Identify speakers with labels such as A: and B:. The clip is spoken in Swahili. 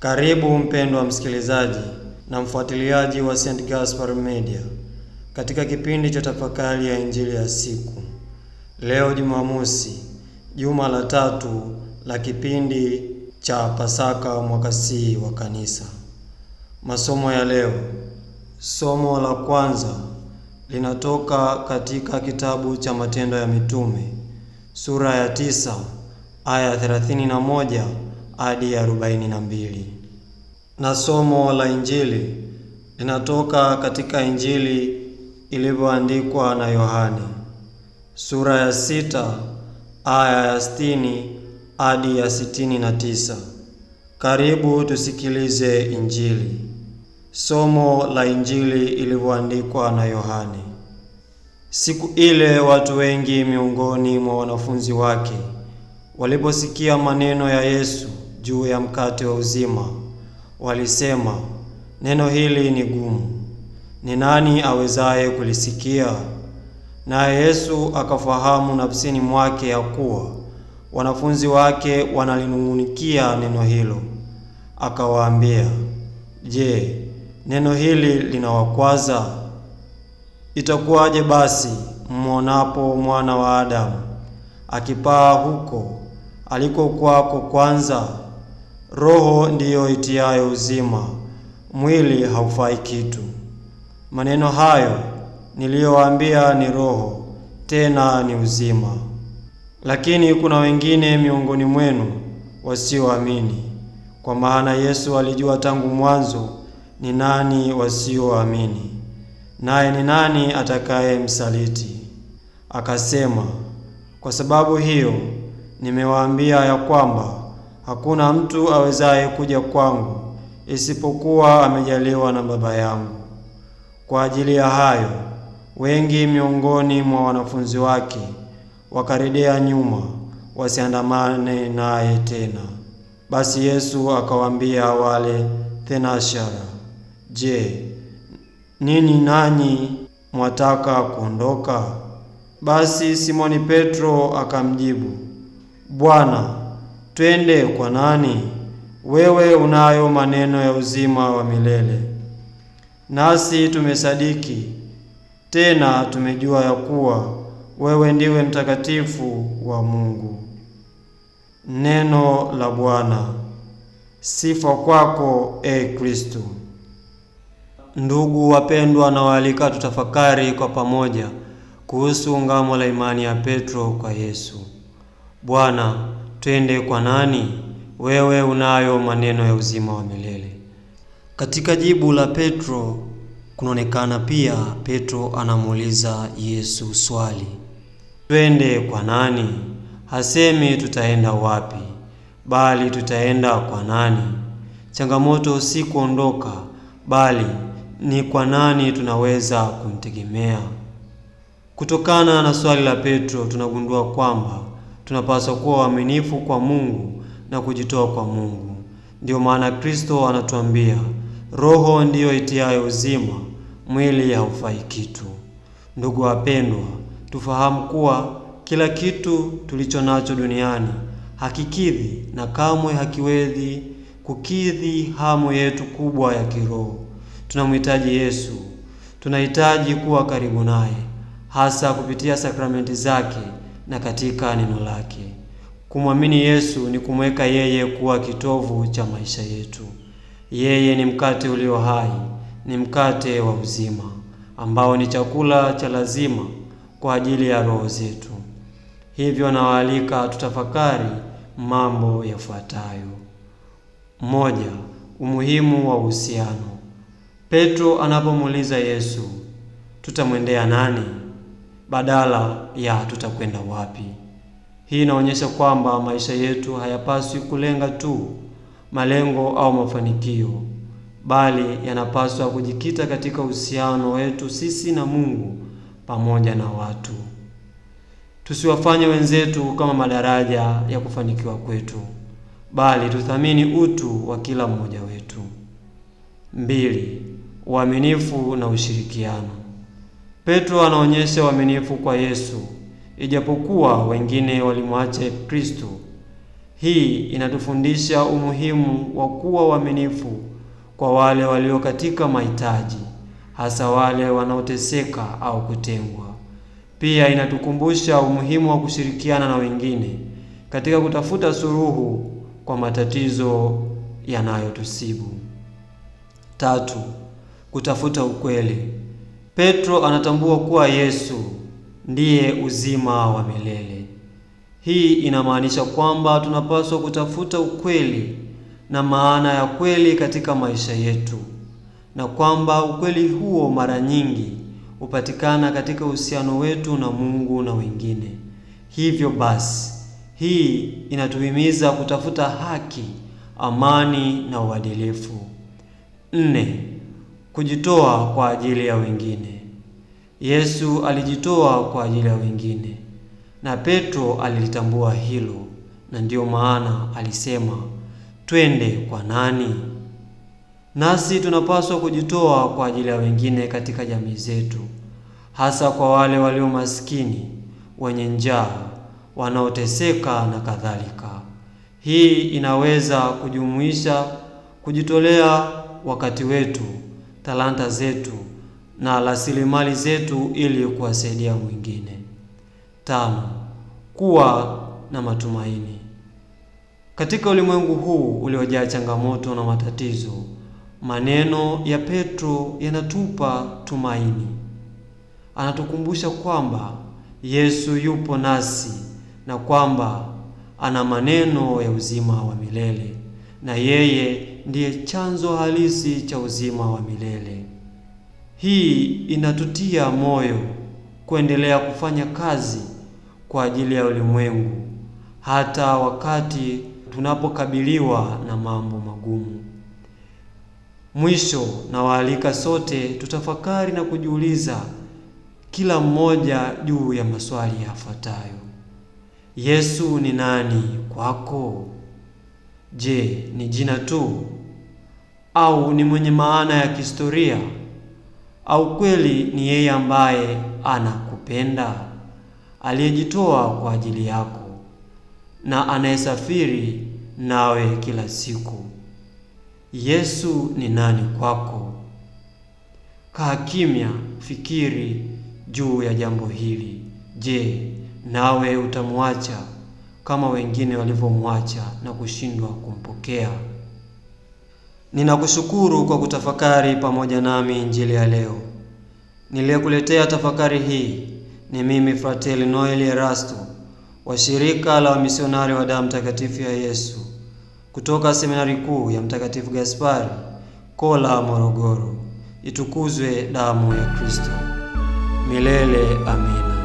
A: Karibu mpendwa msikilizaji na mfuatiliaji wa St. Gaspar Media katika kipindi cha tafakari ya injili ya siku, leo Jumamosi, juma la tatu la kipindi cha Pasaka mwaka C wa Kanisa. Masomo ya leo, somo la kwanza linatoka katika kitabu cha Matendo ya Mitume sura ya tisa aya 31 hadi ya arobaini na mbili. Na somo la Injili linatoka katika Injili ilivyoandikwa na Yohane sura ya sita aya ya sitini hadi ya sitini na tisa. Karibu tusikilize Injili. Somo la Injili ilivyoandikwa na Yohane. Siku ile watu wengi miongoni mwa wanafunzi wake waliposikia maneno ya Yesu juu ya mkate wa uzima, walisema, neno hili ni gumu, ni nani awezaye kulisikia? Naye Yesu akafahamu nafsini mwake ya kuwa wanafunzi wake wanalinung'unikia neno hilo, akawaambia, Je, neno hili linawakwaza? Itakuwaje basi mmonapo mwana wa Adamu akipaa huko alikokuwako kwanza? Roho ndiyo itiayo uzima, mwili haufai kitu. Maneno hayo niliyowaambia ni roho, tena ni uzima. Lakini kuna wengine miongoni mwenu wasioamini, kwa maana Yesu alijua tangu mwanzo ni nani wasioamini, naye ni nani atakaye msaliti Akasema, kwa sababu hiyo nimewaambia ya kwamba Hakuna mtu awezaye kuja kwangu isipokuwa amejaliwa na Baba yangu. Kwa ajili ya hayo, wengi miongoni mwa wanafunzi wake wakaredea nyuma, wasiandamane naye tena. Basi Yesu akawaambia wale thenashara, Je, nini nanyi mwataka kuondoka? Basi Simoni Petro akamjibu, Bwana twende kwa nani? Wewe unayo maneno ya uzima wa milele, nasi tumesadiki tena tumejua ya kuwa wewe ndiwe mtakatifu wa Mungu. Neno la Bwana. Sifa kwako e Kristo. Ndugu wapendwa, na waalika tutafakari kwa pamoja kuhusu ngamo la imani ya Petro kwa Yesu. Bwana twende kwa nani? Wewe unayo maneno ya uzima wa milele. Katika jibu la Petro kunaonekana pia Petro anamuuliza Yesu swali, twende kwa nani? Hasemi tutaenda wapi, bali tutaenda kwa nani? Changamoto si kuondoka, bali ni kwa nani tunaweza kumtegemea. Kutokana na swali la Petro tunagundua kwamba tunapaswa kuwa waaminifu kwa Mungu na kujitoa kwa Mungu. Ndiyo maana Kristo anatuambia roho ndiyo itiayo uzima, mwili haufai kitu. Ndugu wapendwa, tufahamu kuwa kila kitu tulicho nacho duniani hakikidhi na kamwe hakiwezi kukidhi hamu yetu kubwa ya kiroho. Tunamhitaji Yesu, tunahitaji kuwa karibu naye, hasa kupitia sakramenti zake na katika neno lake. Kumwamini Yesu ni kumweka yeye kuwa kitovu cha maisha yetu. Yeye ni mkate ulio hai, ni mkate wa uzima ambao ni chakula cha lazima kwa ajili ya roho zetu. Hivyo nawaalika tutafakari mambo yafuatayo. Moja, umuhimu wa uhusiano. Petro anapomuuliza Yesu, tutamwendea nani? badala ya tutakwenda wapi. Hii inaonyesha kwamba maisha yetu hayapaswi kulenga tu malengo au mafanikio, bali yanapaswa kujikita katika uhusiano wetu sisi na Mungu pamoja na watu. Tusiwafanye wenzetu kama madaraja ya kufanikiwa kwetu, bali tuthamini utu wa kila mmoja wetu. Mbili, uaminifu na ushirikiano. Petro anaonyesha uaminifu kwa Yesu ijapokuwa wengine walimwacha Kristo. Hii inatufundisha umuhimu wa kuwa waaminifu kwa wale walio katika mahitaji, hasa wale wanaoteseka au kutengwa. Pia inatukumbusha umuhimu wa kushirikiana na wengine katika kutafuta suluhu kwa matatizo yanayotusibu. Tatu, kutafuta ukweli. Petro anatambua kuwa Yesu ndiye uzima wa milele. Hii inamaanisha kwamba tunapaswa kutafuta ukweli na maana ya kweli katika maisha yetu, na kwamba ukweli huo mara nyingi hupatikana katika uhusiano wetu na Mungu na wengine. Hivyo basi, hii inatuhimiza kutafuta haki, amani na uadilifu. Nne, Kujitoa kwa ajili ya wengine. Yesu alijitoa kwa ajili ya wengine, na Petro alilitambua hilo, na ndiyo maana alisema twende kwa nani? Nasi tunapaswa kujitoa kwa ajili ya wengine katika jamii zetu, hasa kwa wale walio maskini, wenye njaa, wanaoteseka na kadhalika. Hii inaweza kujumuisha kujitolea wakati wetu talanta zetu na rasilimali zetu ili kuwasaidia mwingine. Tano, kuwa na matumaini. Katika ulimwengu huu uliojaa changamoto na matatizo, maneno ya Petro yanatupa tumaini. Anatukumbusha kwamba Yesu yupo nasi na kwamba ana maneno ya uzima wa milele na yeye ndiye chanzo halisi cha uzima wa milele. Hii inatutia moyo kuendelea kufanya kazi kwa ajili ya ulimwengu hata wakati tunapokabiliwa na mambo magumu. Mwisho, nawaalika sote tutafakari na kujiuliza kila mmoja juu ya maswali yafuatayo: Yesu ni nani kwako? Je, ni jina tu au ni mwenye maana ya kihistoria au kweli ni yeye ambaye anakupenda aliyejitoa kwa ajili yako na anayesafiri nawe kila siku? Yesu ni nani kwako? Kaa kimya, fikiri juu ya jambo hili. Je, nawe utamwacha kama wengine walivyomwacha na kushindwa kumpokea. Ninakushukuru kwa kutafakari pamoja nami Injili ya leo. Niliyekuletea tafakari hii ni mimi Frateli Noel Erasto wa shirika la wamisionari wa damu takatifu ya Yesu kutoka seminari kuu ya Mtakatifu Gaspari Kola, Morogoro. Itukuzwe damu ya Kristo! Milele amina.